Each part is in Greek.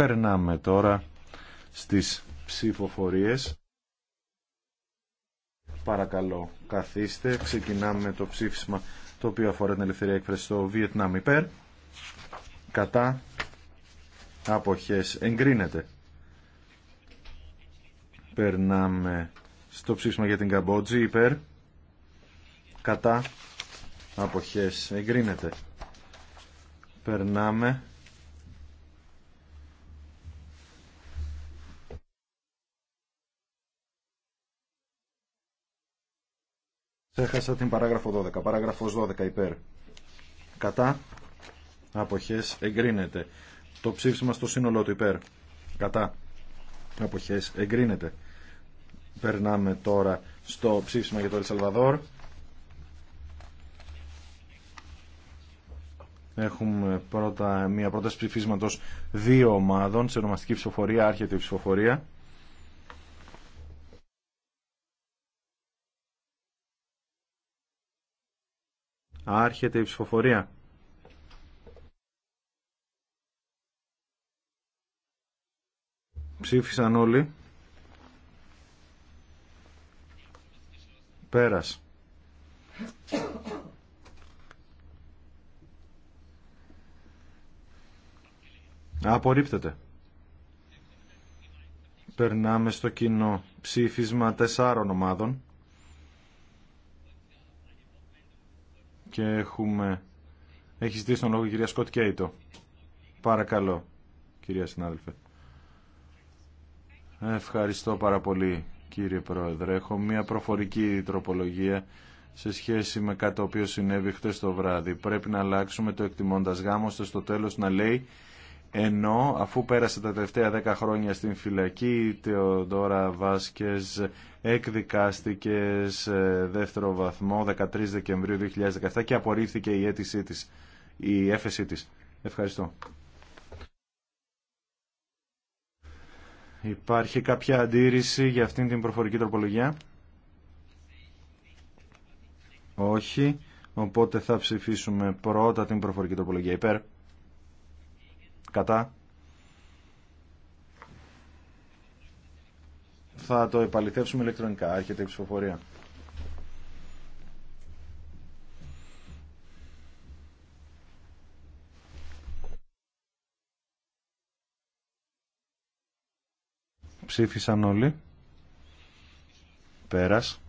Περνάμε τώρα στις ψηφοφορίες. Παρακαλώ, καθίστε. Ξεκινάμε το ψήφισμα το οποίο αφορά την ελευθερία έκφραση στο Βιετνάμ υπέρ. Κατά αποχές εγκρίνεται. Περνάμε στο ψήφισμα για την Καμπότζη υπέρ. Κατά αποχές εγκρίνεται. Περνάμε Έχασα την παράγραφο 12. Παράγραφος 12 υπέρ. Κατά. Αποχές εγκρίνεται. Το ψήφισμα στο σύνολό του υπέρ. Κατά. Αποχές εγκρίνεται. Περνάμε τώρα στο ψήφισμα για το Ελσαλβαδόρ. Έχουμε πρώτα μία πρόταση ψηφίσματος δύο ομάδων σε ονομαστική ψηφοφορία, άρχεται η ψηφοφορία. Άρχεται η ψηφοφορία. Ψήφισαν όλοι. Πέρας. Απορρίπτεται. Περνάμε στο κοινό ψήφισμα τεσσάρων ομάδων. και έχουμε... Έχει ζητήσει τον λόγο η κυρία Σκοτ Κέιτο. Παρακαλώ, κυρία συνάδελφε. Ευχαριστώ πάρα πολύ, κύριε Πρόεδρε. Έχω μία προφορική τροπολογία σε σχέση με κάτι το οποίο συνέβη χτες το βράδυ. Πρέπει να αλλάξουμε το εκτιμώντας γάμο στο τέλος να λέει ενώ αφού πέρασε τα τελευταία δέκα χρόνια στην φυλακή η Τεοδόρα Βάσκες εκδικάστηκε σε δεύτερο βαθμό 13 Δεκεμβρίου 2017 και απορρίφθηκε η αίτησή της, η έφεσή της. Ευχαριστώ. Υπάρχει κάποια αντίρρηση για αυτήν την προφορική τροπολογία. Όχι. Οπότε θα ψηφίσουμε πρώτα την προφορική τροπολογία υπέρ. Κατά. Θα το επαληθεύσουμε ηλεκτρονικά. Άρχεται η ψηφοφορία. Ψήφισαν όλοι. Πέρας.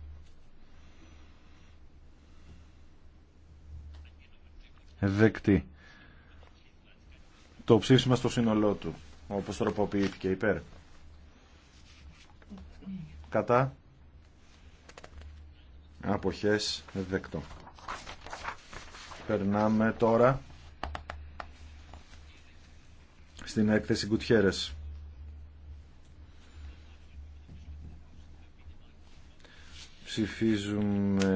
Δεκτή το ψήφισμα στο σύνολό του, όπως τροποποιήθηκε υπέρ. Κατά αποχές δεκτό. Περνάμε τώρα στην έκθεση Κουτιέρες. Ψηφίζουμε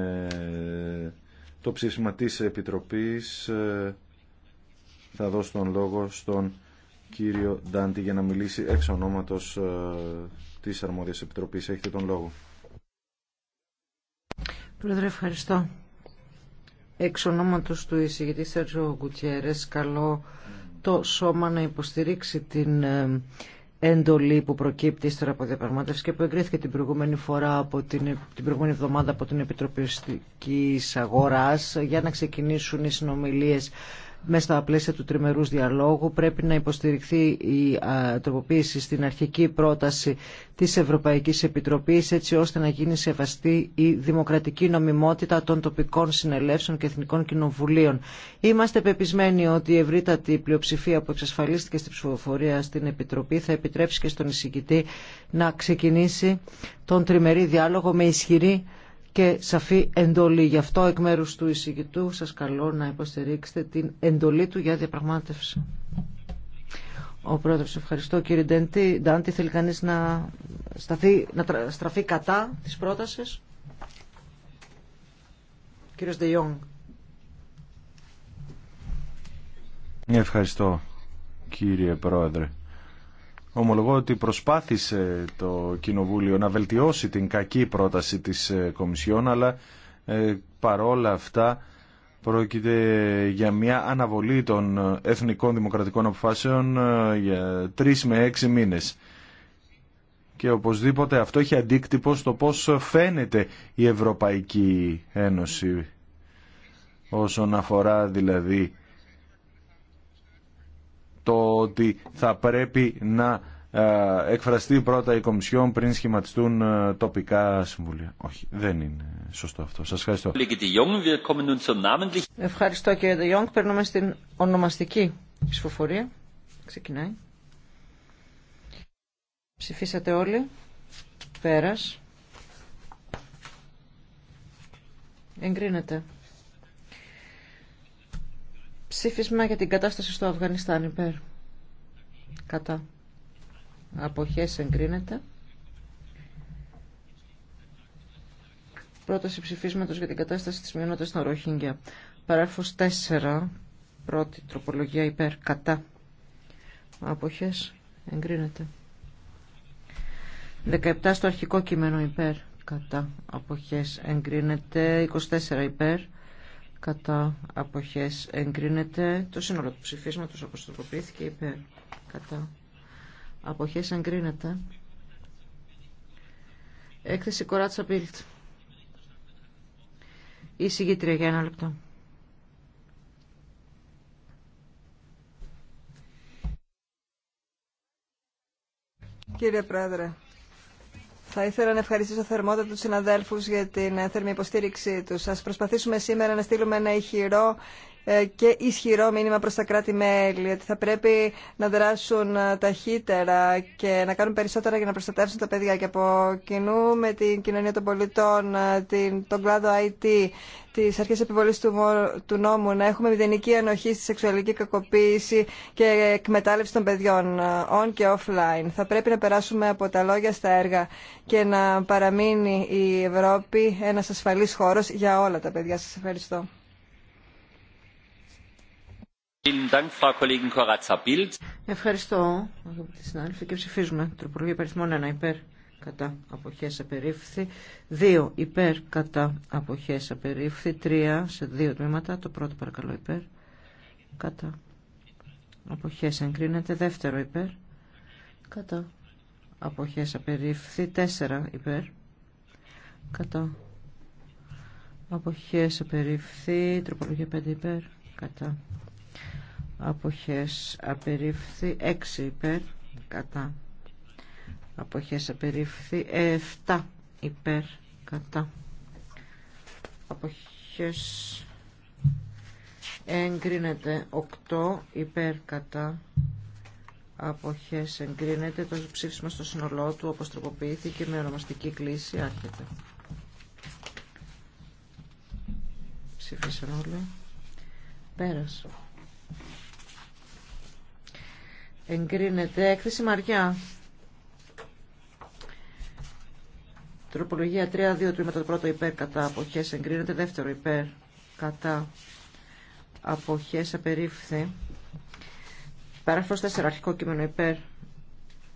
το ψήφισμα της Επιτροπής ε, θα δώσω τον λόγο στον κύριο Ντάντι για να μιλήσει εξ ονόματος ε, της Αρμόδιας Επιτροπής. Έχετε τον λόγο. Πρόεδρε, ευχαριστώ. Εξ ονόματος του εισηγητή Σέρτζο Γκουτιέρες, καλώ το σώμα να υποστηρίξει την έντολη ε, που προκύπτει ύστερα από διαπραγμάτευση και που εγκρίθηκε την προηγούμενη φορά από την, την προηγούμενη εβδομάδα από την Επιτροπή Αγοράς για να ξεκινήσουν οι συνομιλίες μέσα στα πλαίσια του τριμερούς διαλόγου. Πρέπει να υποστηριχθεί η τροποποίηση στην αρχική πρόταση της Ευρωπαϊκής Επιτροπής έτσι ώστε να γίνει σεβαστή η δημοκρατική νομιμότητα των τοπικών συνελεύσεων και εθνικών κοινοβουλίων. Είμαστε πεπισμένοι ότι η ευρύτατη πλειοψηφία που εξασφαλίστηκε στην ψηφοφορία στην Επιτροπή θα επιτρέψει και στον εισηγητή να ξεκινήσει τον τριμερή διάλογο με ισχυρή και σαφή εντολή. Γι' αυτό εκ μέρους του εισηγητού σας καλώ να υποστηρίξετε την εντολή του για διαπραγμάτευση. Ο πρόεδρος, ευχαριστώ κύριε Ντέντη. Ντάντι, θέλει κανείς να, σταθεί, να στραφεί κατά της πρότασης. Κύριος Ντεϊόγκ. Ευχαριστώ κύριε πρόεδρε. Ομολογώ ότι προσπάθησε το Κοινοβούλιο να βελτιώσει την κακή πρόταση της ε, Κομισιόν, αλλά ε, παρόλα αυτά πρόκειται για μια αναβολή των ε, εθνικών δημοκρατικών αποφάσεων για τρεις με έξι μήνες. Και οπωσδήποτε αυτό έχει αντίκτυπο στο πώς φαίνεται η Ευρωπαϊκή Ένωση όσον αφορά δηλαδή το ότι θα πρέπει να ε, εκφραστεί πρώτα η Κομισιόν πριν σχηματιστούν ε, τοπικά συμβουλία. Όχι, δεν είναι σωστό αυτό. Σας ευχαριστώ. Ευχαριστώ κύριε Jong. Περνούμε στην ονομαστική ψηφοφορία. Ξεκινάει. Ψηφίσατε όλοι. Πέρας. Εγκρίνεται. Ψήφισμα για την κατάσταση στο Αφγανιστάν υπέρ. Κατά. Αποχές εγκρίνεται. Πρόταση ψηφίσματος για την κατάσταση της μειονότητας στο Ροχίνγκια. Παράγραφος 4. Πρώτη τροπολογία υπέρ. Κατά. Αποχές εγκρίνεται. 17 στο αρχικό κείμενο υπέρ. Κατά. Αποχές εγκρίνεται. 24 υπέρ κατά αποχές εγκρίνεται το σύνολο του ψηφίσματος όπως τροποποιήθηκε είπε κατά αποχές εγκρίνεται έκθεση Κοράτσα Πίλτ η συγκήτρια για ένα λεπτό Κύριε Πρόεδρε, θα ήθελα να ευχαριστήσω θερμότατα τους συναδέλφους για την θερμή υποστήριξή τους. Ας προσπαθήσουμε σήμερα να στείλουμε ένα ηχηρό ε, και ισχυρό μήνυμα προς τα κράτη-μέλη ότι θα πρέπει να δράσουν ε, ταχύτερα και να κάνουν περισσότερα για να προστατεύσουν τα παιδιά και από κοινού με την κοινωνία των πολιτών, ε, την, τον κλάδο IT, τις αρχές επιβολής του, νόμου, να έχουμε μηδενική ανοχή στη σεξουαλική κακοποίηση και εκμετάλλευση των παιδιών on και offline. Θα πρέπει να περάσουμε από τα λόγια στα έργα και να παραμείνει η Ευρώπη ένας ασφαλής χώρος για όλα τα παιδιά. Σας ευχαριστώ. Ευχαριστώ, αγαπητοί συνάδελφοι, και ψηφίζουμε. Τροπολογία υπαριθμών 1 υπέρ κατά αποχέ απερίφθη, 2 υπέρ κατά αποχέ απερίφθη, 3 σε δύο τμήματα, το πρώτο παρακαλώ υπέρ, κατά αποχέ εγκρίνεται, δεύτερο υπέρ, κατά αποχέ απερίφθη, 4 υπέρ, κατά αποχέ απερίφθη, τροπολογία 5 υπέρ, κατά αποχές απερίφθη 6 υπέρ κατά αποχές απερίφθη 7 υπέρ κατά αποχές εγκρίνεται 8 υπέρ κατά αποχές εγκρίνεται το ψήφισμα στο σύνολό του όπως τροποποιήθηκε με ονομαστική κλίση άρχεται ψήφισαν όλοι πέρασε Εγκρίνεται. Έκθεση Μαριά. Τροπολογία 3-2 τμήματα. Το Πρώτο υπέρ κατά αποχές εγκρίνεται. Δεύτερο υπέρ κατά αποχές απερίφθη. Παράγραφος 4 αρχικό κείμενο υπέρ.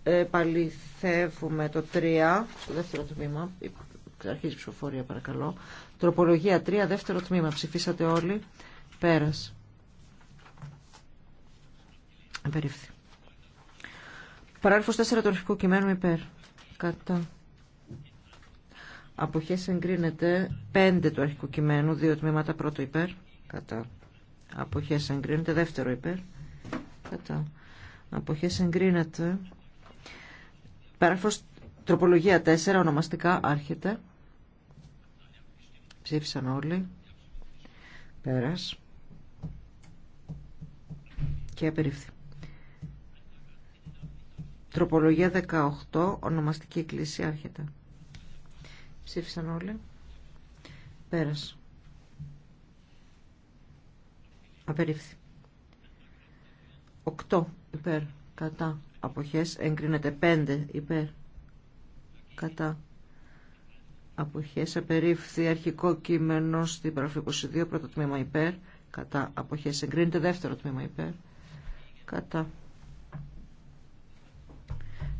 Επαληθεύουμε το 3 στο δεύτερο τμήμα. Αρχίζει η ψηφοφορία παρακαλώ. Τροπολογία 3 δεύτερο τμήμα. Ψηφίσατε όλοι. Πέρας. Απερίφθη. Παράγραφος 4 του αρχικού κειμένου υπέρ. Κατά. Αποχές εγκρίνεται 5 του αρχικού κειμένου, δύο τμήματα πρώτο υπέρ. Κατά. Αποχές εγκρίνεται δεύτερο υπέρ. Κατά. Αποχές εγκρίνεται. Παράγραφος τροπολογία 4 ονομαστικά άρχεται. Ψήφισαν όλοι. Πέρας. Και απερίφθη. Τροπολογία 18, ονομαστική εκκλησία, άρχεται. Ψήφισαν όλοι. Πέρασε. Απερίφθη. 8 υπέρ, κατά, αποχές, εγκρίνεται 5 υπέρ, κατά, αποχές, απερίφθη, αρχικό κείμενο στην Παραφή 22, πρώτο τμήμα υπέρ, κατά, αποχές, εγκρίνεται δεύτερο τμήμα υπέρ, κατά,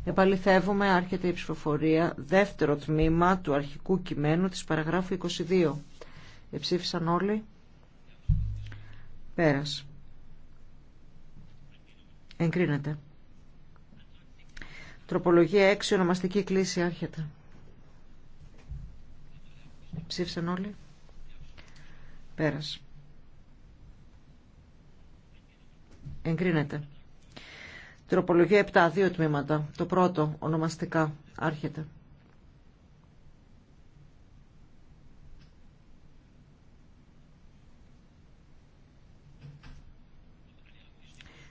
Επαληθεύουμε, άρχεται η ψηφοφορία, δεύτερο τμήμα του αρχικού κειμένου της παραγράφου 22. Εψήφισαν όλοι. Πέρας. Εγκρίνεται. Τροπολογία 6, ονομαστική κλίση, άρχεται. Ψήφισαν όλοι. Πέρας. Εγκρίνεται. Τροπολογία 7, δύο τμήματα. Το πρώτο, ονομαστικά, άρχεται.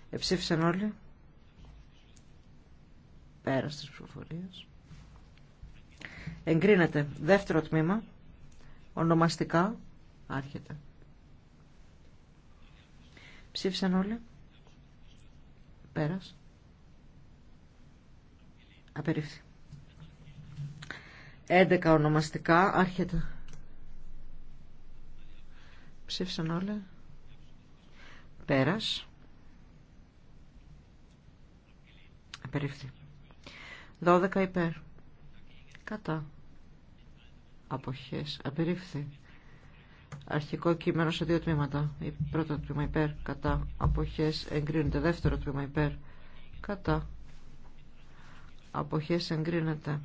Εψήφισαν όλοι. Πέρα στις ψηφοφορίες. Εγκρίνεται. Δεύτερο τμήμα. Ονομαστικά. Άρχεται. Ψήφισαν όλοι. Πέρας. Απερίφθη. 11 ονομαστικά. Άρχεται. Ψήφισαν όλα. Πέρας. Απερίφθη. 12 υπέρ. Κατά. Αποχές. Απερίφθη. Αρχικό κείμενο σε δύο τμήματα. Πρώτο τμήμα υπέρ. Κατά. Αποχές. Εγκρίνεται. Δεύτερο τμήμα υπέρ. Κατά αποχές εγκρίνεται.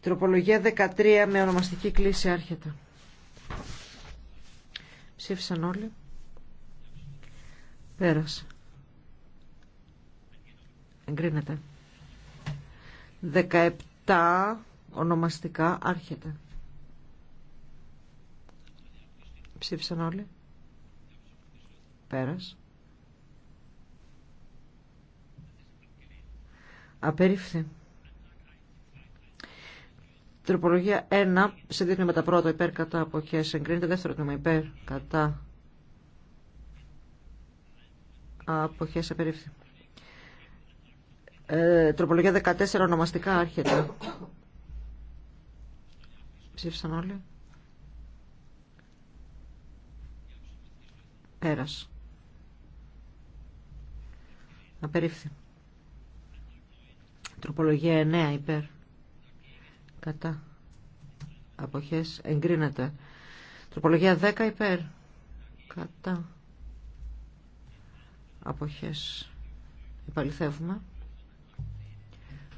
Τροπολογία 13 με ονομαστική κλίση άρχεται. Ψήφισαν όλοι. Πέρασε. Εγκρίνεται. 17 ονομαστικά άρχεται. Ψήφισαν όλοι. Πέρασε. Απερίφθη. Τροπολογία 1, σε δείχνει με τα πρώτα υπέρ κατά αποχές εγκρίνεται, δεύτερο τμήμα υπέρ κατά αποχές απερίφθη. Ε, τροπολογία 14 ονομαστικά άρχεται. Ψήφισαν όλοι. Πέρας. Απερίφθη. Τροπολογία 9 υπέρ. Κατά. Αποχές εγκρίνεται. Τροπολογία 10 υπέρ. Κατά. Αποχές. Επαληθεύουμε.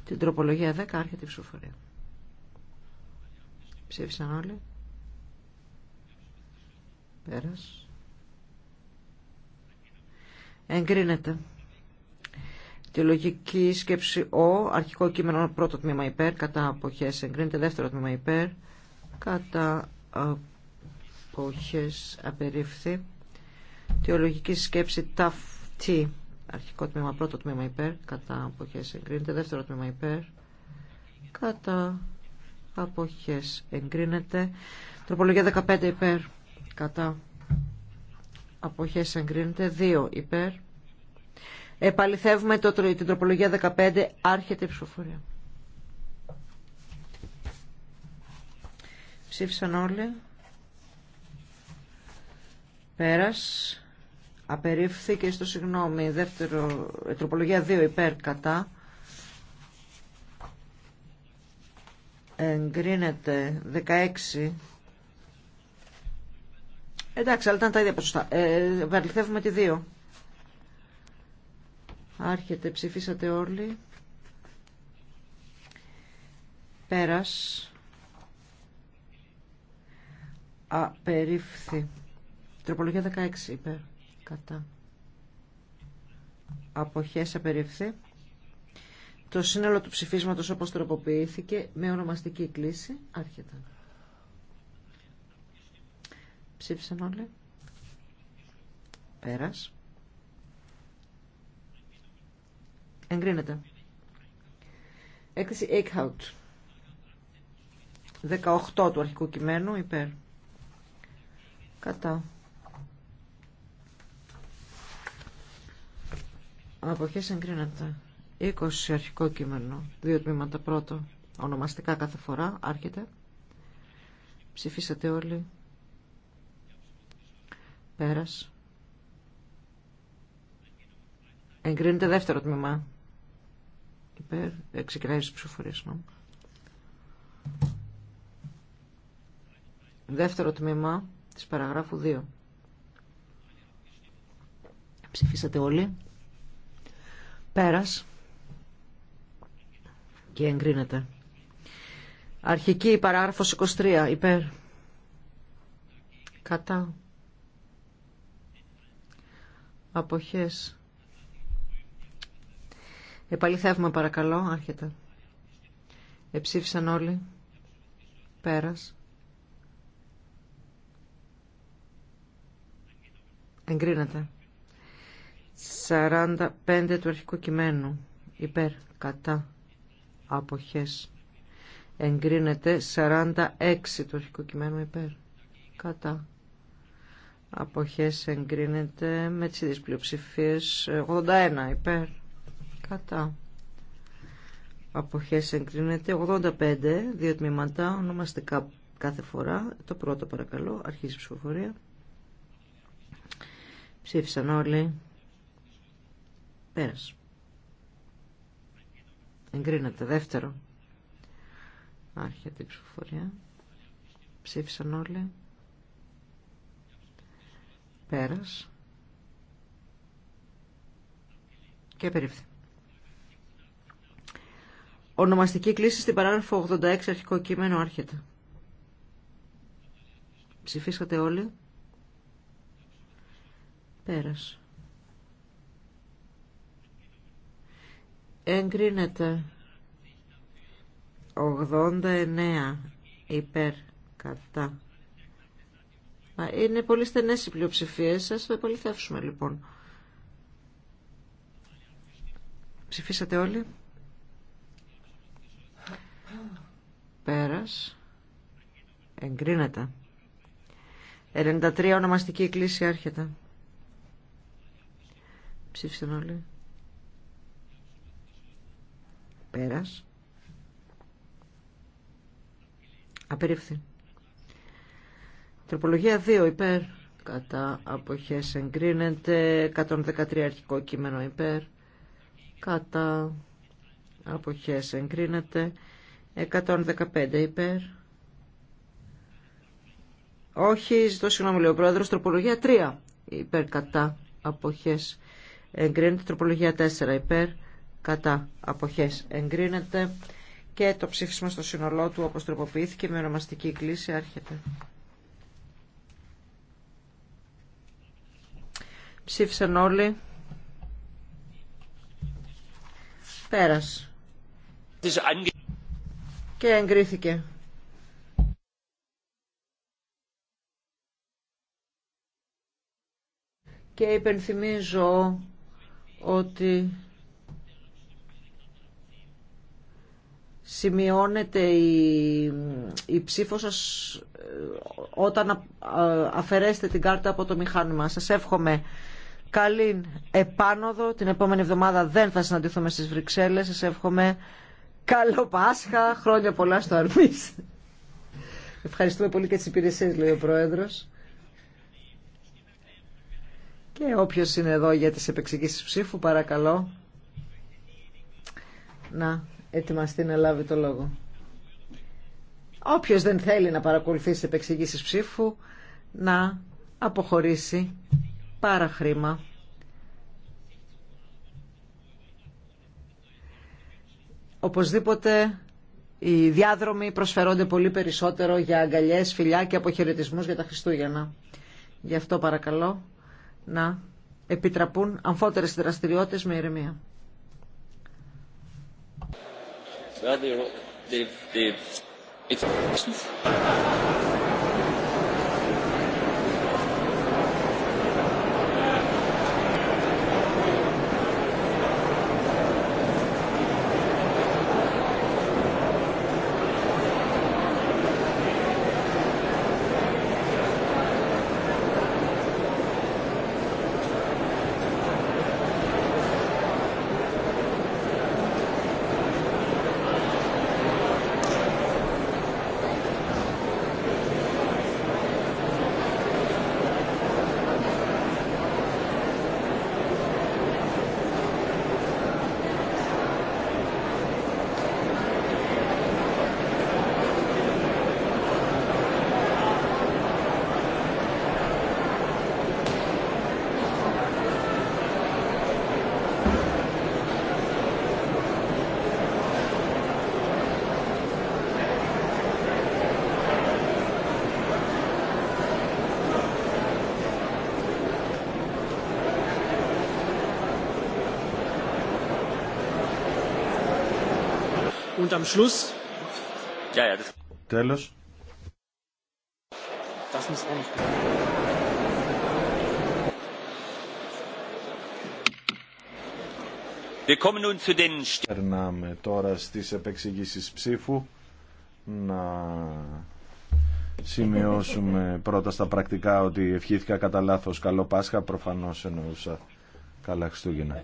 Την τροπολογία 10 άρχεται η ψηφοφορία. Ψήφισαν όλοι. Πέρας. Εγκρίνεται λογική σκέψη Ο, αρχικό κείμενο πρώτο τμήμα υπέρ, κατά αποχέ εγκρίνεται, δεύτερο τμήμα υπέρ, κατά αποχές απερίφθη. λογική σκέψη ΤΑΦ T, αρχικό τμήμα πρώτο τμήμα υπέρ, κατά αποχές εγκρίνεται, δεύτερο τμήμα υπέρ, κατά αποχές εγκρίνεται. Τροπολογία 15 υπέρ, κατά αποχές εγκρίνεται, 2 υπέρ, Επαληθεύουμε το, την τροπολογία 15. Άρχεται η ψηφοφορία. Ψήφισαν όλοι. Πέρας. Απερίφθη και στο συγγνώμη. Δεύτερο, ε, τροπολογία 2 υπέρ κατά. Εγκρίνεται 16. Εντάξει, αλλά ήταν τα ίδια ποσοστά. Ε, τη 2. Άρχεται, ψηφίσατε όλοι. Πέρας. Απερίφθη. Τροπολογία 16 υπέρ. Κατά. Αποχές απερίφθη. Το σύνολο του ψηφίσματος όπως τροποποιήθηκε με ονομαστική κλίση άρχεται. Ψήφισαν όλοι. Πέρας. Εγκρίνεται. Έκθεση Eichhout. 18 του αρχικού κειμένου υπέρ. Κατά. Αποχές εγκρίνεται. 20 αρχικό κείμενο. Δύο τμήματα πρώτο. Ονομαστικά κάθε φορά. Άρχεται. Ψηφίσατε όλοι. Πέρας. Εγκρίνεται δεύτερο τμήμα. Υπέρ. Ε, τις Δεύτερο τμήμα της παραγράφου 2. Ψηφίσατε όλοι. Πέρας. Και εγκρίνεται. Αρχική παράγραφος 23. Υπέρ. Κατά. Αποχές. Επαληθεύουμε παρακαλώ, άρχεται. Εψήφισαν όλοι. Πέρας. Εγκρίνεται. 45 του αρχικού κειμένου. Υπέρ, κατά, αποχές. Εγκρίνεται 46 του αρχικού κειμένου υπέρ. Κατά. Αποχές εγκρίνεται με τις ίδιες πλειοψηφίες 81 υπέρ κατά. Αποχές εγκρίνεται 85, δύο τμήματα, ονομαστικά κάθε φορά. Το πρώτο παρακαλώ, αρχίζει η ψηφοφορία. Ψήφισαν όλοι. Πέρασε. Εγκρίνεται δεύτερο. Άρχεται η ψηφοφορία. Ψήφισαν όλοι. Πέρας. Και περίφθη. Ονομαστική κλίση στην παράγραφο 86 αρχικό κείμενο άρχεται. Ψηφίσατε όλοι. Πέρας. Εγκρίνεται 89 υπέρ κατά. Είναι πολύ στενές οι πλειοψηφίες σας, θα επαληθεύσουμε λοιπόν. Ψηφίσατε όλοι. Πέρας. Εγκρίνεται. 93 ονομαστική Εκκλήση Άρχεται», Ψήφισαν όλοι. Πέρας. Απερίφθη. Τροπολογία 2 υπέρ. Κατά αποχές εγκρίνεται. 113 αρχικό κείμενο υπέρ. Κατά αποχές εγκρίνεται. 115 υπέρ. Όχι, ζητώ συγγνώμη, λέει ο πρόεδρο. Τροπολογία 3 υπέρ κατά αποχές εγκρίνεται. Τροπολογία 4 υπέρ κατά αποχές εγκρίνεται. Και το ψήφισμα στο σύνολό του όπω τροποποιήθηκε με ονομαστική κλίση άρχεται. Ψήφισαν όλοι. Πέρας και εγκρίθηκε. Και υπενθυμίζω ότι σημειώνεται η, η ψήφο σας ε, όταν ε, αφαιρέσετε την κάρτα από το μηχάνημα. Σας εύχομαι καλή επάνωδο. Την επόμενη εβδομάδα δεν θα συναντηθούμε στις Βρυξέλλες. Σας εύχομαι Καλό Πάσχα, χρόνια πολλά στο Αρμίς. Ευχαριστούμε πολύ και τις υπηρεσίες, λέει ο Πρόεδρος. Και όποιος είναι εδώ για τις επεξηγήσεις ψήφου, παρακαλώ να ετοιμαστεί να λάβει το λόγο. Όποιος δεν θέλει να παρακολουθήσει επεξηγήσεις ψήφου, να αποχωρήσει πάρα χρήμα. οπωσδήποτε οι διάδρομοι προσφερόνται πολύ περισσότερο για αγκαλιές, φιλιά και αποχαιρετισμούς για τα Χριστούγεννα. Γι' αυτό παρακαλώ να επιτραπούν αμφότερες δραστηριότητες με ηρεμία. Und Περνάμε τώρα στις επεξηγήσεις ψήφου να σημειώσουμε πρώτα στα πρακτικά ότι ευχήθηκα κατά λάθο καλό Πάσχα, προφανώς εννοούσα καλά Χριστούγεννα.